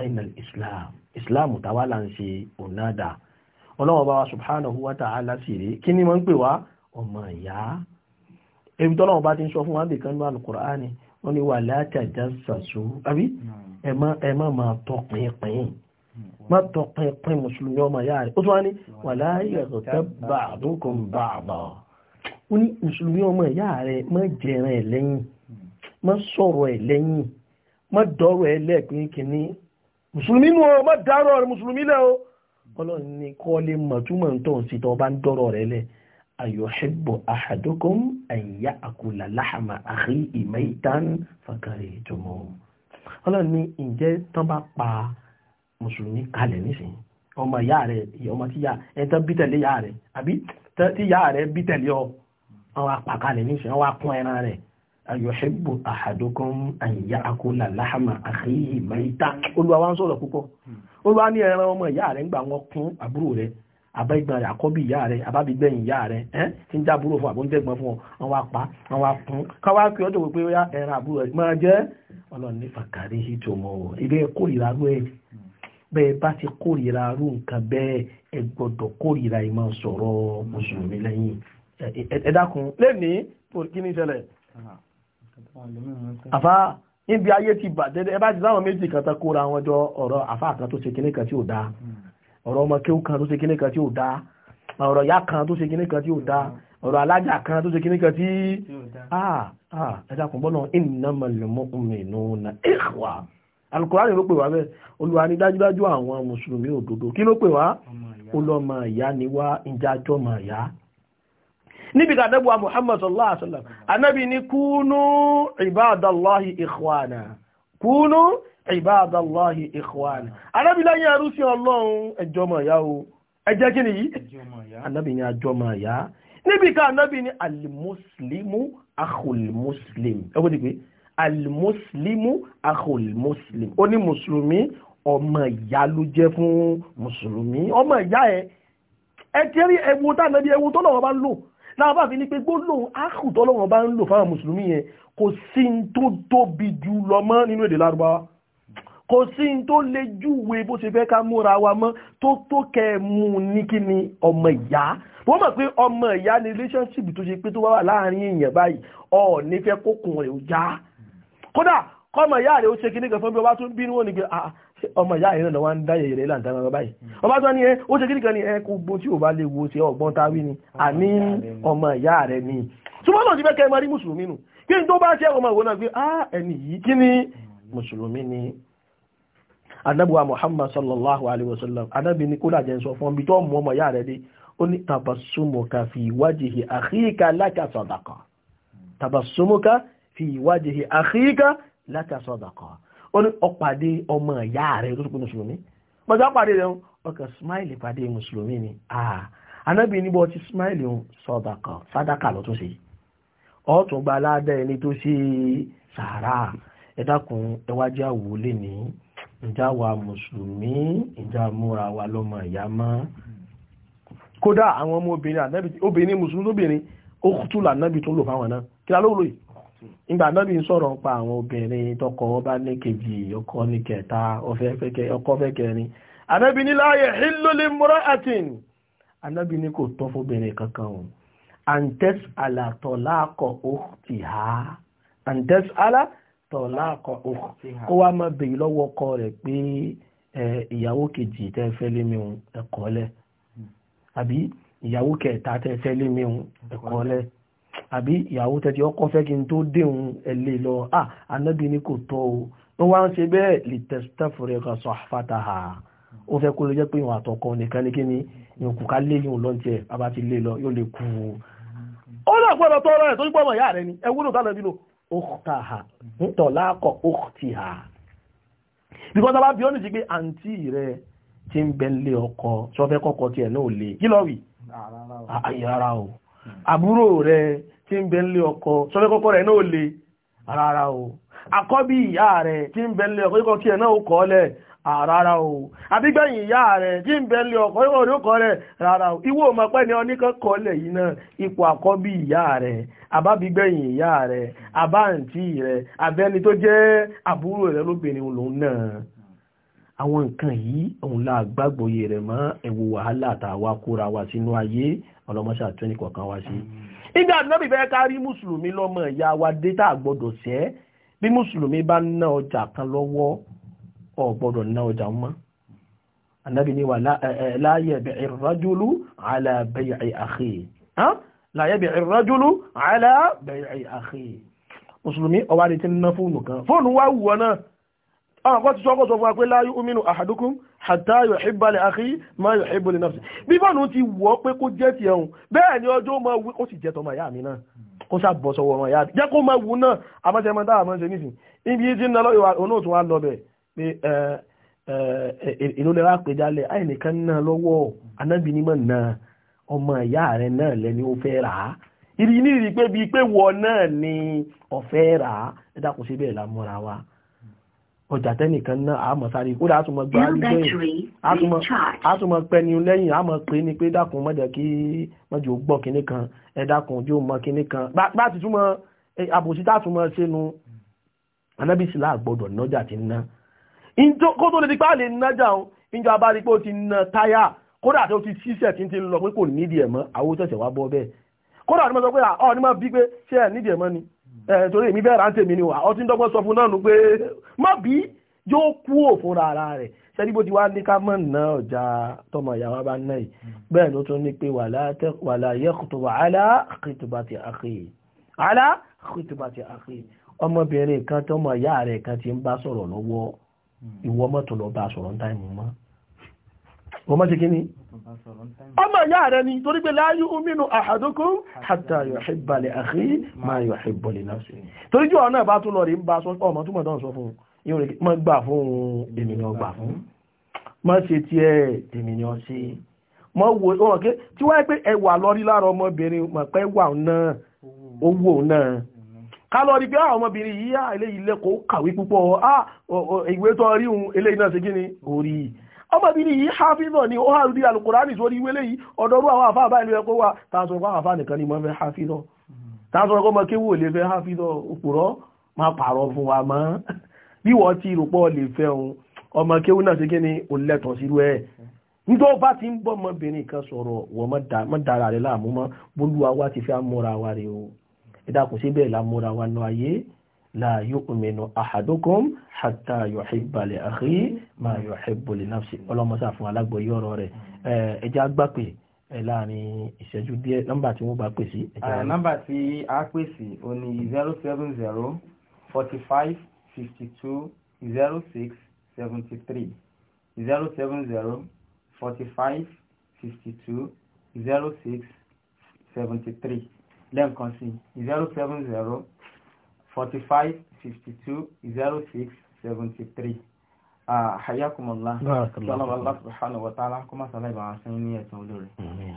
ainal islam islam táwa là ń ṣe ọlọ́wọ́ bá wa subhanahu wa ta'ala sí rèé kí ni mo ń pè wá ọmọ ìyá ebi tọ́lọ́ ọba ti ń sọ fún wa bìkan nínú alukur'ani wọ́n ní wà látàjà sàṣù àbí ẹ má máa tọpinpin má tọpinpin mùsùlùmí ọmọ ìyá rẹ̀ ó tún wá ní wà láyé ọ̀tẹ́ ba'dukum ba'da ó ní mùsùlùmí ọmọ ìyá rẹ̀ má jẹran ẹ̀ lẹ́yìn má sọ̀rọ̀ ẹ̀ lẹ́yìn má dọ̀rọ̀ ẹ̀ lẹ́ẹ̀pín kìíní mùsùlùmí nù ọ má dárọ̀ rẹ̀ mùsùlùmí lẹ́ o ọlọ́run ní kọ́ lè mọ̀ túmọ̀ ń tọ̀ tọ́ bá ń dọ̀rọ̀ rẹ̀ lẹ́ẹ̀ ayọ̀hẹ́bọ̀ ahadukum ẹ̀yà àkùlà láhàmà àrí ìmọ̀ ìtàn fàkàrẹ̀ ìjọmọ́ ọlọ́run ní ǹjẹ́ tán bá pa mùsùlùmí kalẹ̀ nísìnyí ọmọ ìyá rẹ̀ ọmọ tí ẹ̀tọ́ bí tẹ̀lé ìyá rẹ̀ àbí tí ìyá rẹ̀ bí tẹ̀lé ọ àwọn apàkalẹ̀ nísìnyí àwọn akún ẹran rẹ̀ ayọ̀hẹ́bọ̀ ahadukum ẹ̀yà àkùlà láhàmà àrí olúwa wa ń sọ̀rọ̀ púpọ̀ olúwa ní ẹran ọmọ ìyá rẹ̀ ń gbà wọn kún àbúrò rẹ̀ àbẹ́gbọ̀n rẹ̀ àkọ́bí ìyá rẹ̀ àbábígbẹ̀yìn ìyá rẹ̀ ẹ́ tí ń jábúrò fún àbóńtẹ́gbọ̀n fún ọ wọn wá pa wọn wá kún káwá kí ọjọ́ pé ó yá ẹran àbúrò rẹ̀ máa jẹ́ ọlọ́run ní fàkàrí ìtòmọ̀ ilé kórìíra rú ẹ̀ bẹ́ẹ̀ bá ti kórìíra rú nǹkan bẹ́ẹ̀ ẹ gbọ́dọ̀ kórìíra ẹ máa sọ̀rọ̀ mùsùlùmí lẹ́yìn ẹ dákun lẹ́nìí kí ni ìṣẹ̀lẹ̀ àfa níbi ayé ti bàjẹ́ ọ̀rọ̀ ọmọ kéwú kan tó ṣe kíní kan tí ò dáa ọ̀rọ̀ ìyá kan tó ṣe kíní kan tí ò dáa ọ̀rọ̀ alájà kan tó ṣe kíní kan tí ah, ah, ẹ dákun bọ́nà innamal mu'minuna ikhwa alukùránì ló pè wá bẹ́ẹ̀ olùwà ní dájúdájú àwọn mùsùlùmí òdodo kí ló pè wá olọ́mọ ìyá ni wá ìjájọ́ mọ̀ sallallahu alaihi wasallam anábì ní kúnú ibadallahi ikhwana kúnú ibadallahi ikhwan anábìlá yẹn arúsí ọlọ́run ẹjọ́mọ̀ ìyá o ẹjẹ́ kí ni yìí anábì ní ajọ́mọ̀ ìyá níbi ká anábì ní alimuslimu akhulmuslim ẹgbẹ́ ti pé alimuslimu akhulmuslim ó ní mùsùlùmí ọmọ ìyá ló jẹ́ fún mùsùlùmí ọmọ ìyá ẹ ẹ kéré ẹwu tánàbí ẹwu tó lọ́wọ́ bá ń lò náà bá fi pé gbólóhùn áhù lọ́wọ́ bá ń lò fáwọn mùsùlùmí yẹn kò sí tó tóbi jù lọ mọ́ nínú èdè lárúbáwá kò sí tó lè júwe bó ṣe fẹ́ ká múra wa mọ́ tó tó kẹ mú ní kí ni ọmọ ìyá wọ́n mọ̀ pé ọmọ ìyá ni relationship tó ṣe pé tó wà láàrin èèyàn báyìí ọ̀ nífẹ̀ẹ́ kókùn rẹ̀ ó já kódà kọ́mọ ìyá rẹ̀ ó ṣe kíní kan fún bí ọba tún bínú wọn ni pé ah, ọmọ ìyá rẹ̀ náà wá ń dá yẹ̀yẹ̀ rẹ̀ láǹdà wọn báyìí ọba tún ní ẹ eh, ó ṣe kíní kan ní ẹ eh, kó gbó tí ò bá lè wo ṣe ọgbọ́n táwí ni àní ọmọ ìyá rẹ̀ ni ṣùgbọ́n náà ti fẹ́ kẹ́ ẹ máa rí mùsùlùmí nù kí n tó bá ṣe ọmọ ìwọ náà pé ah, ẹni yìí kí ni mùsùlùmí ni anábùwà muhammad sallallahu alayhi wa sallam anábì ní kódà jẹ́ sọ fún mi tó mú ọmọ yá rẹ̀ dé ó ní tabassumuka fi wajhi akhika laka sadaqa tabassumuka fi wajhi akhika laka sadaqa ó ní ọpàdé ọmọ yá rẹ̀ ló tún mùsùlùmí mọ́jọ́ pàdé rẹ̀ ọkà smile pàdé mùsùlùmí ni anábì ní bọ́ ti smile sadaqa sadaqa lọ tún ṣe ọ̀tún gba aládẹ́ ẹni tó ṣe sàárà ẹ̀dákun ẹwájú àwòlé nìyí ǹjá wa mùsùlùmí ǹjá múra wa lọ́mọ ìyá mọ́ kódà àwọn ọmọ obìnrin ànábì obìnrin mùsùlùmí lóbìnrin ó kútù lànábì tó lò fáwọn náà kí lálóòlò yìí ìgbà ànábì ń sọ̀rọ̀ pa àwọn obìnrin tọkọ ọba ní kejì ọkọ ní kẹta ọkọ fẹ́ kẹrin ànábì ní la yahillu limra'atin ànábì ní kò tọ́ fóbìnrin kankan o antes alatọ́lákọ̀ ó ti ha antes alatọ́lákọ̀ tọ̀lá àkọ́kọ́ kó wá máa bèyí lọ́wọ́ ọkọ rẹ̀ pé ìyàwó kejì tẹ́ fẹ́ lé òun ẹ̀kọ́ lẹ̀ hmm. àbí ìyàwó kẹta tẹ́ fẹ́ òun ẹ̀kọ́ lẹ̀ àbí ìyàwó ọkọ fẹ́ kí n tó lọ à anábì ni kò tọ́ o tó wá ń ṣe bẹ́ẹ̀ lè tẹ́fẹ́rẹ́ kan sọ àfàtà hà ó fẹ́ kó jẹ́ pé ìwọ̀n àtọkọ ni ká lé lè kú hmm. ó ẹ̀ tó ń ìyá ni ẹ wúlò ọ̀tàhà ntọ̀láàkọ̀ ọ̀tìhà because ọba bí ó ní sí pé àǹtí rẹ̀ tí ń bẹ lé ọkọ sọfẹ́ kọ́kọ́ tí náà lè kí lọ wí rárá o àbúrò rẹ̀ tí ń bẹ lé ọkọ sọfẹ́ kọ́kọ́ rẹ̀ náà lè ara o àkọ́bí ìyá rẹ̀ tí ń bẹ lé ọkọ tí náà kọ́ lẹ̀ àrárá ah, o àbígbẹ̀yìn ìyá rẹ̀ tí ń bẹ̀lẹ̀ ọkọ̀ orí ọkọ̀ rẹ̀ rárá o ìwọ ọmọ pẹ́ ni ọníkan yìí náà ipò àkọ́bí ìyá rẹ̀ àbábígbẹ̀yìn ìyá rẹ̀ àbáǹtí rẹ̀ àbẹ́ni tó jẹ́ àbúrò rẹ̀ lóbìnrin òun la rẹ̀ mọ́ ẹ̀wò wàhálà wa sínú ayé ọlọ́mọṣà kọ̀ọ̀kan sí. fẹ́ ká rí mùsùlùmí lọ́mọ ìyá wa dé tá a gbọ́dọ̀ sẹ́ bí mùsùlùmí bá ná ọjà kan lọ́wọ́ ọ̀ gbọ́dọ̀ ná ọjà mọ́ anábì ni wà láyẹ̀ bẹ̀ ìrọ́júlù alábẹ̀yẹ̀ àkè láyẹ̀ bẹ̀ ìrọ́júlù alábẹ̀yẹ̀ àkè mùsùlùmí ọwá ni ti ń ná fóònù kan fóònù wá wù ọ náà àwọn kan ti sọ́kọ̀ sọ fún wa pé láyé omínú àhàdúkún hatta yuhibba li akhi ma yuhibbu li nafsi bí fóònù ti wọ́ pé kó jẹ́ ti ẹ̀hùn bẹ́ẹ̀ ni ọjọ́ máa wí ó sì jẹ́ tọmọ ìyá mi náà kó sá bọ́ ìyá mi jẹ́ kó máa wù náà àmọ́sẹ̀ pé èló lẹ́wà pé jálẹ̀ àìnìkan náà lọ́wọ́ anábì nímọ̀ náà ọmọ ìyá rẹ̀ náà lẹ́ni ó fẹ́ rà á ìrì ní ìrì pé bíi pé wọ náà ni ọ̀fẹ́ rà á ẹ dákun síbẹ̀ lámúra wa ọjà tẹ́nìkan náà àmọ̀ sáré kódà àtúmọ̀ gbà lẹ́yìn àtúmọ̀ pẹni lẹ́yìn àmọ̀ pé ni pé dákun mọ́jọ kí mọ́jọ gbọ́ kinní kan ẹ dákun jó mọ kinní kan bá ti túmọ̀ àbòsí tá àtúmọ̀ sínú anábìsílà gbọ́dọ̀ nájà ti ná kó tó lè di pá lè nájà òun níjọ abárí pé ó ti na táyà kódà tó ti ṣíṣẹ̀ tí ń ti lọ pé kò nídìí ẹ̀ mọ́ àwọn tẹ̀sẹ̀ wá bọ́ bẹ́ẹ̀ kódà ni mo sọ pé ọ ni mo bí pé ṣé ẹ̀ nídìí ẹ̀ mọ́ ni torí èmi bẹ́ẹ̀ rántè mi ni wà ọtí ń dọ́gbọ́n sọ fún náà nù pé má bí yóò kú òfin rárá rẹ̀ sẹ́ni bó ti wá ní ká mọ̀ ná ọjà tọmọ ìyàwó bá ná yìí bẹ́ẹ̀ ló tún ní pé wàlá yẹ́kùtùbà alá alá kìtùbà ti àkèyè ọmọbìnrin kan tọmọ ìyá rẹ̀ kan ti ń bá sọ̀rọ̀ lọ́wọ́ ìwọ mọ́tò lọ bá sọ̀rọ̀ táìmù mọ́ wọ́n mọ́ ṣe kí ni ọmọ ìyá rẹ̀ ni torí pé láyé omínú ahadukum hatta yuhibba li akhi ma yuhibbu li nafsi torí jù ọ̀nà bá tún lọ rí bá ọmọ túnmọ̀ dán sọ fún yíò rẹ̀ mọ́ gbà fún èmi ni ọgbà fún mọ́ ṣe tí ẹ èmi ni ọ ṣe mọ́ wo ọ̀rọ̀ kí tí wáyé pé ẹwà lọ rí lára ọmọbìnrin mọ̀ pé wà náà owó kálọ̀ rí pé àwọn ah, ọmọbìnrin yìí á ah, eléyìí lẹ́kọ̀ọ́ kàwé púpọ̀ ah, ìwé tó rí òun eléyìí náà ṣe kí ni orí ọmọbìnrin yìí hafizọ ni ó hà rí alukurani sórí ìwé léyìí ọ̀dọ́rú àwọn àfáà báyìí ló yẹ kó wà tààsọ̀ kó àwọn àfáà nìkan ni mo fẹ́ hafizọ tààsọ̀ kó mọ kéwù ò lè fẹ́ hafizọ òpùrọ́ máa pààrọ̀ fún wa mọ́ bí wọ́n ti rò pọ̀ lè fẹ́ òun ọmọ kéwù náà ṣe kí ni ò lẹ́tọ̀ọ́ sírú ẹ̀ nítorí bá ti ń bọ́ ọmọbìnrin kan sọ̀rọ̀ wọ́n mọ́ dára rẹ̀ láàmú mọ́ bólúwa wá ti fẹ́ amúra wa rè o ìdákùn sí bẹ́ẹ̀ lámúra wa nú ayé la yu'minu ahadukum hatta yuhibba li akhi ma yuhibbu li nafsi ọlọ́mọsá fún alágbòye ọ̀rọ̀ rẹ̀ ẹjá gbápè láàrin ìṣẹ́jú díẹ̀ nọ́mbà tí wọ́n bá pè sí. nọ́mbà tí a pè sí o ní zero seven zero forty five fifty two zero six seventy three zero seven zero forty five fifty two zero six seventy three lẹ́ǹkan sí zero seven zero forty five fifty two zero six seventy three àhàyàkùmọ̀lá sọ́lọ́wọ́lá subhanahu wa ta'ala kó má sàlẹ̀ ìbára sí ní ẹ̀sùn olóore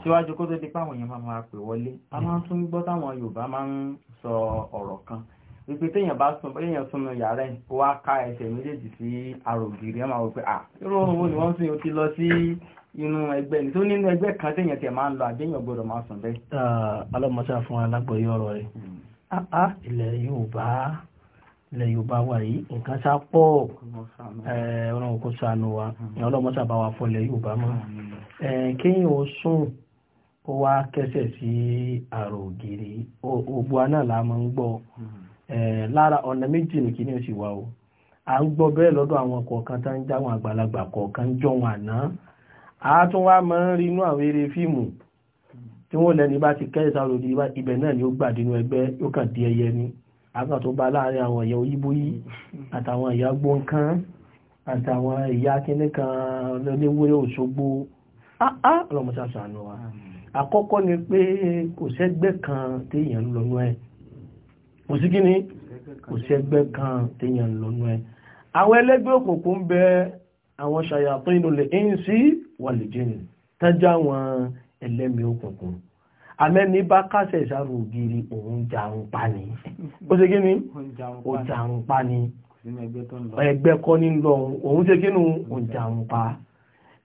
síwájú kó tó di pé àwọn èèyàn máa máa pè wọlé a máa tún gbọ́ táwọn Yorùbá máa ń sọ ọ̀rọ̀ kan wípé téèyàn bá sùn bóyá èèyàn súnmọ́ yàrá ẹ̀ ó wá ká ẹsẹ̀ méjèèjì sí arògiri ẹ̀ máa wọ pé à irú oorun wo ni wọ́n sìn ó ti lọ sí inú ẹgbẹ́ ni tó nínú ẹgbẹ́ kan téèyàn tẹ̀ máa ń lọ àdéhùn gbọ́dọ̀ máa sùn bẹ́ẹ̀. alọ́mọṣá fún alágbọ̀yé ọ̀rọ̀ rẹ̀ hmm. ilẹ̀ Yorùbá ilẹ̀ Yorùbá wà yìí nǹkan sá pọ̀ ọlọ́run kò sànù wa hmm. ọlọ́mọṣá bá wa fọlẹ̀ Yorùbá mọ́ kéèyàn ó sùn ó wá kẹsẹ̀ sí àrò ògiri ògbó aná là máa ń gbọ́ hmm. lára ọ̀nà méjì ní kíní ó sì wà o à ń gbọ́ bẹ́ẹ̀ lọ́dọ̀ àwọn kọ̀ọ̀kan tá ń jáwọn àgbàlagbà kọ̀ọ̀kan jọ wọn àná àátún wá mọ́ ń rí inú àwọn eré fíìmù tí wọ́n lẹ́ni bá ti kẹ́ẹ̀sà lòdì ibẹ̀ náà ni ó gbà dínú ẹgbẹ́ ó kàn di ẹyẹ ni àgbà tó bá láàrin àwọn ẹ̀yà oyíbó yìí àtàwọn ẹ̀yà gbọ̀ǹkan àtàwọn ẹ̀yà akínníkan lọ́léwúrẹ́ òṣogbo áá ọlọ́mọṣàṣàánú wa ni pé kò sẹ́gbẹ́ kan téèyàn ń lọ́nú ẹ̀ kò sí kíni kò sẹ́gbẹ́ kan àwọn ẹlẹ́gbẹ́ òkùnkùn bẹ àwọn shayatinul insi wal jinn tánjá wọn ẹlẹ́mìí òkùnkùn àmẹ́ni bá kásẹ̀ ìsáàrù ògiri òun jarun pa ni ó ṣe kí ni ó jarun pa ni ẹgbẹ́ kọ́ ní lọ òun ṣe kí ni ó jarun pa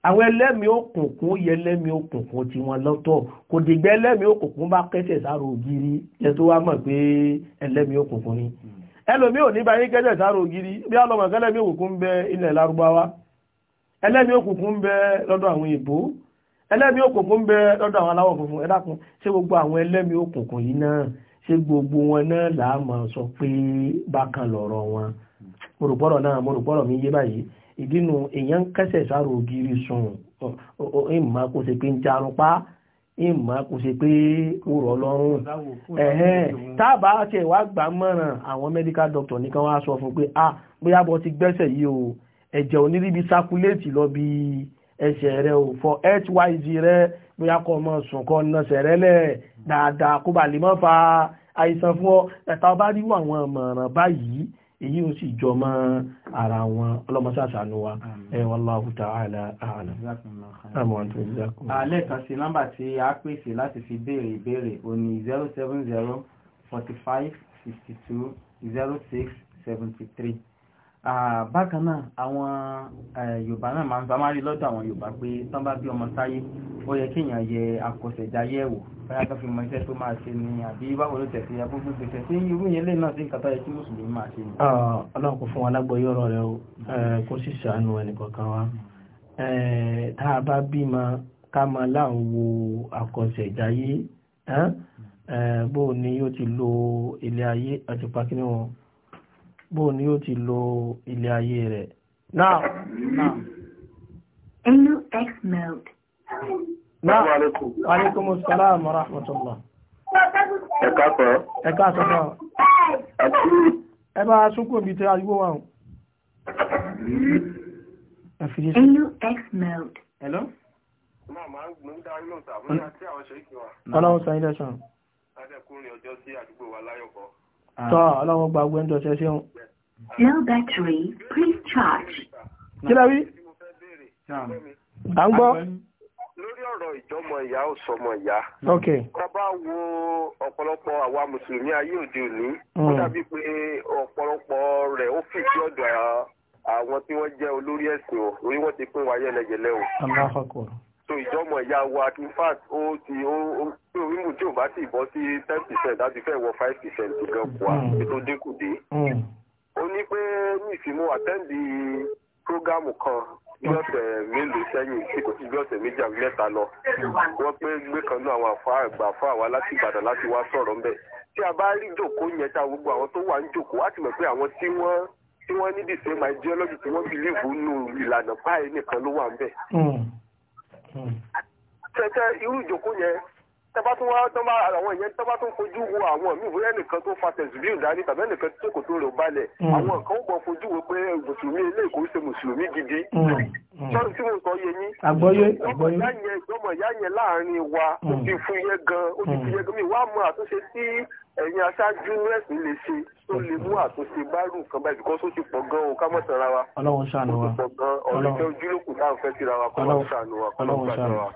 àwọn ẹlẹ́mìí òkùnkùn yẹ ẹlẹ́mìí òkùnkùn tí wọ́n lọ́tọ̀ kò dìgbẹ́ ẹlẹ́mìí òkùnkùn bá kẹ́sẹ̀ sáàrù ògiri ẹ tó wá mọ̀ pé ẹlẹ́mìí òkùnkùn ni hmm. ẹlòmíì ò ní báyìí kẹ́sẹ̀ sáàrù ògiri bí alọ́mọ̀kẹ́lẹ́mìí òkùnkùn bẹ ilẹ̀ lárúbáwá ẹlẹ́mìí òkùnkùn ń bẹ lọ́dọ̀ àwọn èèbó ẹlẹ́mìí òkùnkùn ń bẹ lọ́dọ̀ àwọn aláwọ̀ funfun ẹ dákun ṣé gbogbo àwọn ẹlẹ́mìí òkùnkùn yìí náà ṣé gbogbo wọn náà là á máa sọ pé bákan lọ̀rọ̀ wọn mo rò pọ́rọ̀ náà mo rò pọ́rọ̀ mi yé báyìí ìdínú èèyàn ń kẹ́sẹ̀ sáró ògiri sùn ìmọ̀ kò ṣe pé ń jarun pa ìmọ̀ kò ṣe pé ó rọ̀ lọ́rùn tábà tẹ̀ wá gbà mọ́ràn àwọn medical doctor nìkan wá sọ fún pé ah bóyá bọ́ ti gbẹ́sẹ̀ yìí o ẹ̀jẹ̀ oníríbi sákúlẹ̀tì lọ bí ẹsẹ̀ rẹ ò fọ hyz rẹ bóyá kọ́ ọmọ sùn kọ́ nọsẹ̀ rẹ lẹ̀ dáadáa kó bàa lè má fa àìsàn fún ọ ẹ̀ta ọba rí wọ àwọn ọmọràn báyìí èyí ò sì jọ mọ́ ara wọn ọlọ́mọsàsánú wa ẹ wallahu ta'ala a'lam. àlẹ́ kan sí nọ́mbà tí a pèsè láti fi béèrè ìbéèrè ó ní zero seven zero forty five sixty two zero six seventy three bákan náà àwọn yorùbá náà máa ń bá máa rí lọ́dọ̀ àwọn yorùbá pé tán bá bí ọmọ sáyé ó yẹ kéèyàn yẹ akọ̀ṣẹ̀jáyé ẹ̀wò báyá fi mọ iṣẹ́ tó máa ṣe ni àbí báwo ló tẹ̀sí ya gbogbo gbèsè sí irú yẹn lè náà sí nǹkan tó yẹ kí mùsùlùmí máa ṣe ni. ọlọ́run kò fún wa lágbọ́yé ọ̀rọ̀ rẹ o kó sì ṣàánú ẹnìkọ̀ọ̀kan wa tá a bá bímọ ni yóò ti lo ilé ayé àti pàkínní bó ni ó ti lo ilé ayé rẹ̀ náà náà. inú x mode. náà aleykum salaam wa rahmatulah. ẹ káàsán. ẹ káàsán náà. ẹ bá aṣọ́kù òbí tẹ àdúgbò wa. inú x mode. hello. náà máa ń gbọ́n dá yóò tàbí àti àwọn ṣe é kí wa. ọlọ́run sàn ilé ṣan. adẹ́kùnrin ọjọ́ sí àdúgbò wa láyọ̀ kan ọlọ́wọ́ gba ogun ẹ̀ntọ́ ṣẹ́ ṣeun no battery please charge kí lẹ́rí à ń gbọ́ lórí ọ̀rọ̀ ìjọmọ ìyá ò sọmọ ìyá tá bá wo ọ̀pọ̀lọpọ̀ àwa mùsùlùmí ayé òde òní ó mm. dàbí pé ọ̀pọ̀lọpọ̀ rẹ̀ ó fìdí ọ̀dọ̀ àwọn tí wọ́n jẹ́ olórí ẹ̀sìn o orí wọ́n ti pín wa yẹ́lẹyẹ̀lẹ o so ìjọmọ ìyá wa in fact ó ti ó ó wíwù tí ò bá sì bọ́ sí ten percent láti fẹ́ wọ five percent gan wa mm. tó dínkù dé. Mm. ó ní pé ní ìfimú àtẹ́ǹdì prógámù kan bí mm. ọ̀sẹ̀ mélòó sẹ́yìn tí kò sí bí ọ̀sẹ̀ méjì àbí mẹ́ta lọ wọ́n pé gbé kan náà àwọn àfa àgbà fún àwa láti Ìbàdàn láti wá sọ̀rọ̀ ńbẹ̀ tí a bá rí jòkó yẹn tá gbogbo àwọn tó wà ń jòkó á ti mọ̀ pé àwọn tí wọ́n tí wọ́n ní the same ideology tí wọ́n believe nù ìlànà báyìí nìkan ló wà ńbẹ̀ tẹ́tẹ́ irú ìjókòó yẹn tọ́ba tó wá tọ́ba àwọn èèyàn tọ́ba tó fojú wo àwọn míì bóyá nìkan tó fa tẹ̀síbíù dání tàbí ẹnìkan tó kò tó rò balẹ̀ hmm. àwọn nǹkan ó bọ̀ fojú wo pé mùsùlùmí ilé ìkó ṣe mùsùlùmí gidi sọ́run hmm. hmm. tí mo sọ yé yín àgbọ́yé àgbọ́yé ìgbọ́mọ̀ ìyá yẹn láàrin wa ó ti fúyẹ́ gan ó ti fúyẹ́ gan mi wá mọ àtúnṣe sí ẹ̀yin aṣáájú inú ẹ̀sìn lè ṣe tó lè mú àtúnṣe bárù nǹkan báyìí kọ́ tó ti pọ̀ gan o ká mọ̀ sanra wa. ọlọ́run ṣàánú wa ọ̀rẹ́kẹ́ ojúlókùn táwọn fẹ́ síra wa kọ́ mọ̀ ṣàánú wa kọ́ mọ̀ ṣàánú wa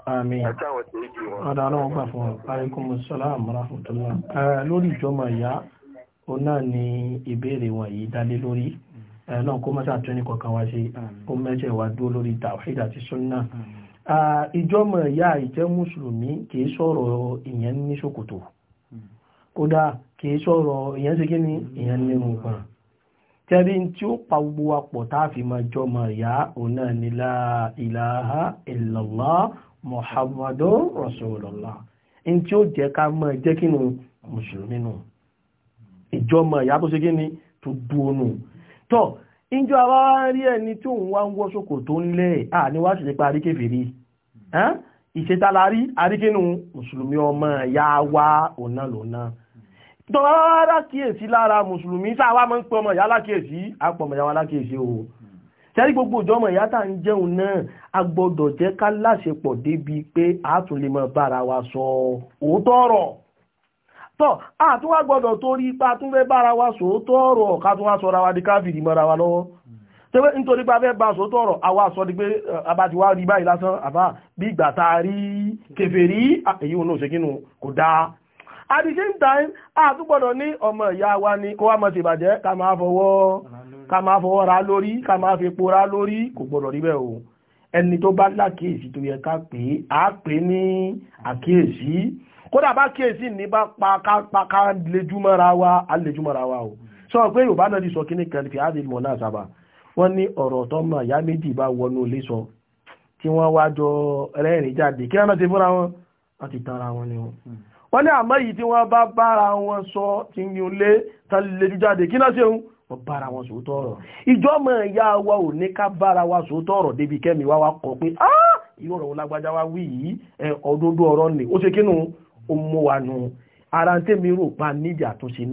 àti àwọn tí ó jì wọn. ọ̀dà ọlọ́run gbà fún wa aleykum salaam rahmatulah. lórí ìjọba ìyá òun náà ni ìbéèrè wọ̀nyí dálé lórí náà kó mọ́sá tún ní kọ̀ọ̀kan wá sí kó mẹ́jẹ̀ wá dúró lórí tawhid àti sunna ìjọmọ̀ ìyá ìjẹ́ mùsùlùmí kìí sọ̀rọ̀ ìyẹn ní ṣòkòtò kódà kìí sọ̀rọ̀ èèyàn ṣe kí ni èèyàn nínú kan tẹ́bí tí ó pa gbogbo wa pọ̀ táà jọ máa yá òun náà ni la ilaha illallah muhammadu rasulullah in tí ó jẹ́ ká mọ́ jẹ́ kí ni mùsùlùmí nù ìjọ máa yá tó ṣe kí ni tó dúó nù tọ́ ìjọ àwa rí ẹni tí òun wá ń wọ́ tó ń lẹ̀ à ní wá sì lè parí àríkínú mùsùlùmí ọmọ ìyá wa òun dọ́ọ́rá kíyèsí lára mùsùlùmí sáwá mọ́ ń pọ ọmọ ìyá lákíyèsí àpọ̀mọ ìyá wa lákíyèsí o tẹ́rí gbogbo ìjọmọ̀ ìyá tà ń jẹun náà a gbọ́dọ̀ jẹ́ ká láṣepọ̀ débi pé a tún lè mọ bára wa sọ òótọ́ ọ̀rọ̀ tọ́ a tún wá gbọ́dọ̀ torí ipa tún fẹ́ bára wa sọ òótọ́ ọ̀rọ̀ ká tún wá sọra wa di káfìrí mọ́ra wa lọ́wọ́ tẹ́wẹ́ nítorí pé a fẹ́ bá sòótọ́ ọ̀rọ̀ àwa sọ di pé abáti wá rí báyìí lásán àbá bí ìgbà tá a rí kèfèrí èyí òun náà ṣe kínú kò dáa at the same time àtúgbọ́dọ̀ ní ọmọ ìyá wa ni kó wá mọ̀ sí ìbàjẹ́ ká máa fọwọ́ ká máa fọwọ́ ra lórí ká máa fi pora lórí kò gbọ́dọ̀ rí bẹ́ẹ̀ o ẹni tó bá lákèésí tó yẹ ká pè é á pè é ní àkíyèsí kódà bá kíyèsí ní bá pa ká ká lejúmọ́ra wa á lejúmọ́ra wa o sọ pé yorùbá náà ti sọ kíní kan fi áàdì mọ̀ náà sábà wọ́n ní ọ̀rọ̀ tọ́mọ ìyá méjì bá wọnú ilé sọ tí wọ́n wá jọ rẹ́rìn jáde kí wọ́n ti fúnra wọn wọ́n ti tara wọn ni wọn wọ́n ní àmọ́ yìí tí wọ́n bá bára wọn sọ ti yun lé tán lè jú jáde kí náà ṣe ń wọ́n bára wọn sòótọ́ ọ̀rọ̀ ìjọ́mọ̀ ìyá wa ò ní ká bára wa sòótọ́ ọ̀rọ̀ débi kẹ́mi wá wá kọ̀ pé irú ọ̀rọ̀ lágbájá wá wí yìí òdodo ọ̀rọ̀ ni ó ṣe kínú ó mú wa nu ara ń tèmi rò pa níbi àtúnṣe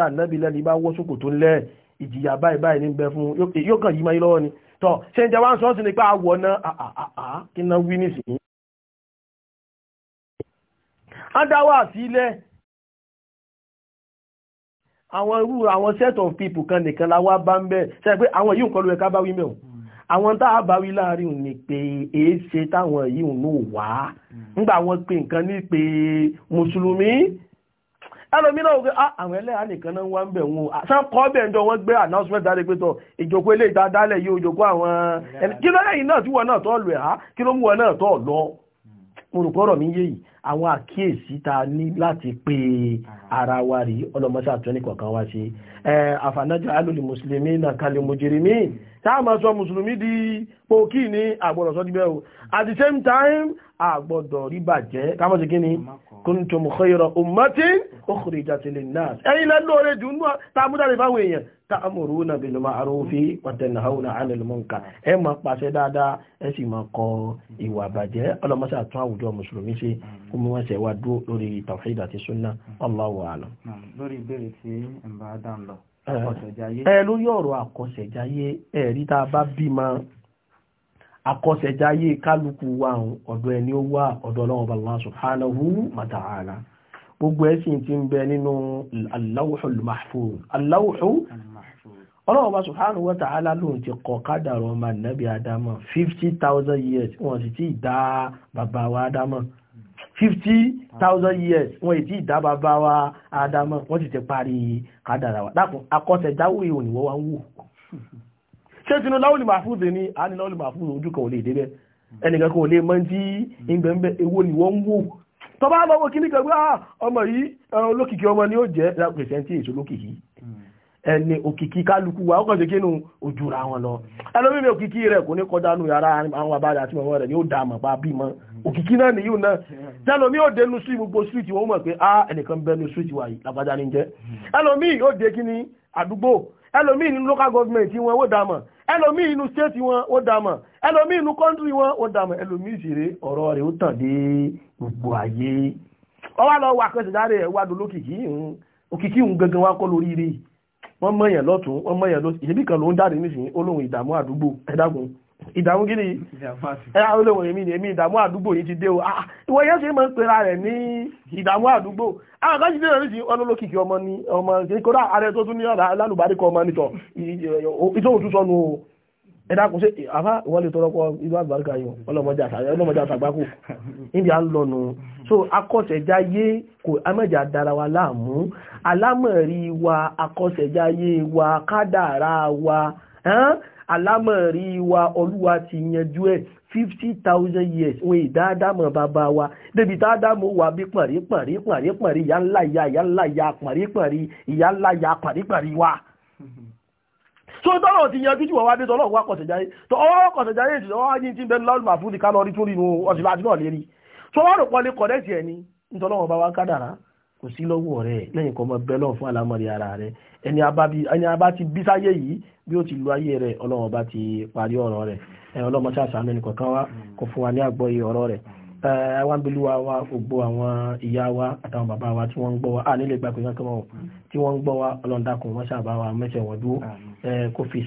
náà ìjìyà báyìí báyìí ní bẹ fún yóò kàn yí máa yí lọ́wọ́ ni tọ́ ṣe ń jẹ wá ń sọ́ọ̀sì nípa àwọ̀ náà kí náà wí nísìnyí. adáwà àti ilẹ̀ àwọn irú àwọn set of people kan nìkan la wá bá ń bẹ́ ṣe pé àwọn yìí ń kọlu ẹ̀ka bá wí mẹ́wọ̀n àwọn tá a bá wí láàrin ni pé èé ṣe táwọn yìí ń lò wá hmm. nígbà wọn pé nǹkan ní pé mùsùlùmí ẹlòmínà òkè ah, àwọn ẹlẹ́yà nìkan náà wá ń bẹ̀ wọn àṣán kọ́ bẹ̀ ń jọ wọ́n gbé announcement dáre pé tọ́ ìjòkó ilé ìdádálẹ̀ yóò jòkó àwọn kí lọ́lẹ́yìn náà tí wọ́n náà tọ́ lù ẹ̀ á kí ló mú wọn náà tọ́ lọ mo rò pọ́rọ̀ mi yé yìí àwọn àkíyèsí ta ní láti pé ah. ara wa rí ọlọ́mọṣà tó ní kọ̀ọ̀kan wá ṣe àfànájà alùlù mùsùlùmí náà kalẹ̀ mùjìrìmí táà sọ mùsùlùmí di pòkí ní àgbọ̀dọ̀ sọ díbẹ̀ at the same time àgbọ̀dọ̀ rí bàjẹ́ kámọ́ sí kíni kuntum khayra ummatin ukhrijat linnas ẹ̀yin lẹ́lọ́rẹ́ jù ní tàbúdàrí fáwọn èèyàn ta'muruna bil ma'rufi wa tanhauna 'anil munkar ah. ẹ máa pàṣẹ dáadáa ẹ sì máa kọ ìwà bàjẹ́ ọlọ́mọṣà tún kó mú wọn ṣe wá dúró lórí tawhid àti sunna Allahu a'lam. lórí ìbéèrè tí ń bá dàn lọ àkọsẹ̀jáyé. ẹ lórí ọ̀rọ̀ àkọsẹ̀jáyé ẹ̀rí tá a bá bímọ àkọsẹ̀jáyé kálukú wa ọ̀dọ̀ ẹni ó wà ọ̀dọ̀ ọlọ́run Allah subhanahu wa ti kọ kádàrọ̀ ọmọ nàbí adama 50,000 years wọ́n sì ti dá bàbá wa adama fifty thousand years wọn èdè ìdábà bá wa adamọ wọn ti ti parí kádàrà wa dákun akọ́tẹ̀dáwò ìhò ni wọ́n wá ń wò ṣé tinú láwùlì màfúùdù ni a ní láwùlì màfúùdù ojú kan ò lè débẹ̀ ẹnìkan kan ò lè mọ tí ìgbẹ̀ǹbẹ̀ èwo ni wọ́n ń wò tó bá lọ́wọ́ kí ní kan gbá ah, ọmọ yìí olókìkí ọmọ ni ó jẹ́ pẹ̀sẹ̀ntì èso olókìkí ẹni òkìkí kálukú wa ó kàn sí kínú ojúra wọn lọ ẹlòmíì òkìkí rẹ̀ kò ní kọjá nù yàrá àwọn àbájá àti mọ̀mọ́ rẹ̀ ni ó dà mọ̀ pa bímọ òkìkí náà nìyí náà tẹlomi yóò dé nu street gbogbo street wọn mọ̀ pé a ah, ẹnìkan bẹ nu street wa yìí ni jẹ́ hmm. ẹlòmí yóò dé kí ni àdúgbò ẹlòmí local government wọn ó dama ẹlòmí inú state wọn ó dàmọ̀ ẹlòmí inú country wọn ó dàmọ̀ ẹlòmí ìṣeré ó tàn dé gbogbo ayé ọwọ́ lọ wà kẹsìdáre ẹ̀ wá dolókìkí òkìkí òun gangan wá kọ́ lórí rí wọ́n mọ̀yàn kan ló ń dáre ìdààmú àdúgbò ìdààmú gíní ẹ̀yà olóhùn èmi ni èmi ìdààmú àdúgbò yìí ti dé o ah, ìwọ yẹn ṣe máa ń pera rẹ̀ ní ìdààmú àdúgbò àwọn kan ṣì dé lórí sí ọlọ́lọ́kìkì ọmọ ni ọmọ kódà ààrẹ tó tún ní lálùbáríkọ ọmọ nìtọ̀ ìtòhùn tún sọnù o ẹ̀dá kò sí àfá ìwọ́n lè tọrọ pọ̀ ìlú àgbàríkà yìí ọlọ́mọdé àtàgbákò níbi à ń lọ́nu so akọ́sẹ̀jáyé kò amẹ́jà dára wa láàmú alámọ̀rí wa akọ́sẹ̀jáyé wa kádàrá wa alámọ̀rí wa olúwa ti yanjú ẹ̀ fifty thousand years wọn ìdáadámọ̀ bàbá wa débi táádámọ̀ wà bí pàrí pàrí pàrí pọ̀nrí ìyá ńlá ìyá ìyá ńlá ìyá ìyá ńlá ìyá wa. so tọ́lọ̀ ti yanjú tí wọ́n wá tọ́lọ̀ wá tọ́ ti bẹ́ẹ̀ lọ́lùmọ̀ àfúnni ká lọ rí rí nu ọ̀sìn kò sí lọ́wọ́ rẹ̀ lẹ́yìn kọ́ mọ́ bẹ́lọ̀ fún àlámọ̀rí ara rẹ̀ ẹni abá ti bí sáyé yìí bí ó ti lo ayé rẹ̀ ọlọ́run ọba ti parí ọ̀rọ̀ rẹ̀ ọlọ́mọ ṣàṣàánú ẹnì kọ̀ọ̀kan wa kò fún wa ní àgbọ́yé ọ̀rọ̀ rẹ̀ àwọn abẹ́lúwa wa gbogbo àwọn ìyá wa àtàwọn bàbá wa tí wa à nílẹ̀ gbàgbé kankan wọn wa ọlọ́run dákun wọ́n ṣàbá wa mẹ́sẹ̀ wọ́n dúró kó fi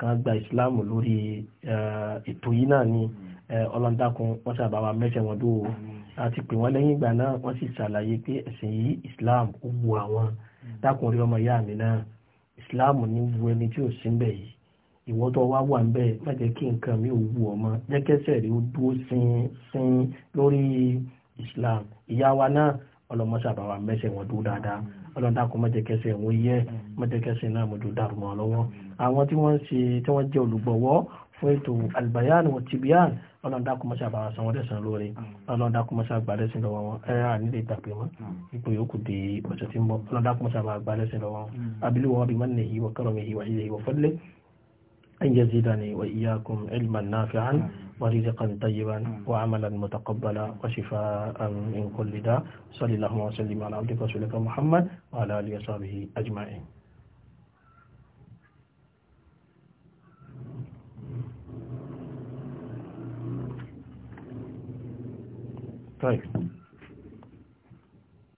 kan gba ìsìláàmù lórí ètò yìí náà ni ọlọ́ndàkùn wọ́n sábà wa mẹ́sẹ̀ wọn dúró àti pé wọ́n lẹ́yìn ìgbà náà wọ́n sì ṣàlàyé pé ẹ̀sìn yìí Islam ó wu àwọn dákùnrin ọmọ ìyá mi náà Islam ní wu ẹni tí ò sí mbẹ̀ yìí ìwọ́ tó wá wà ń bẹ̀ má kí nǹkan mi ò wu ọmọ jẹ́kẹ́sẹ̀ rí ó dúró sin sin lórí Islam ìyá wa náà ọlọ́mọ sábà wa mẹ́sẹ̀ wọn dúró dáadáa ọlọ́dàkùn má jẹ́ kẹsẹ̀ wọn yẹ má jẹ́ kẹsẹ̀ náà mo dàrú mọ́ lọ́wọ́ àwọn tí wọ́n ń ṣe tí wọ́n jẹ́ olùgbọ̀wọ́ fún ètò albayan wa tibian ọlọ́run dákun mọ́ṣá bàbá sanwó dẹ̀sán lórí ọlọ́run dákun mọ́ṣá gbàdẹ́sìn lọ́wọ́ wọn ẹ̀rà nílé ìtàpé wọn ipò yòókù dé ọjọ́ tí ń bọ̀ ọlọ́run dákun mọ́ṣá bàbá gbàdẹ́sìn lọ́wọ́ wọn abilu wọn bí mọ́ ní ìwọ kọ́rọ̀ mi ìwà ilé ìwọ fọ́lẹ́ أن يزيدني وإياكم علما نافعا ورزقا طيبا وعملا متقبلا وشفاء من كل داء صلى الله وسلم على عبدك ورسولك محمد وعلى آله وصحبه أجمعين طيب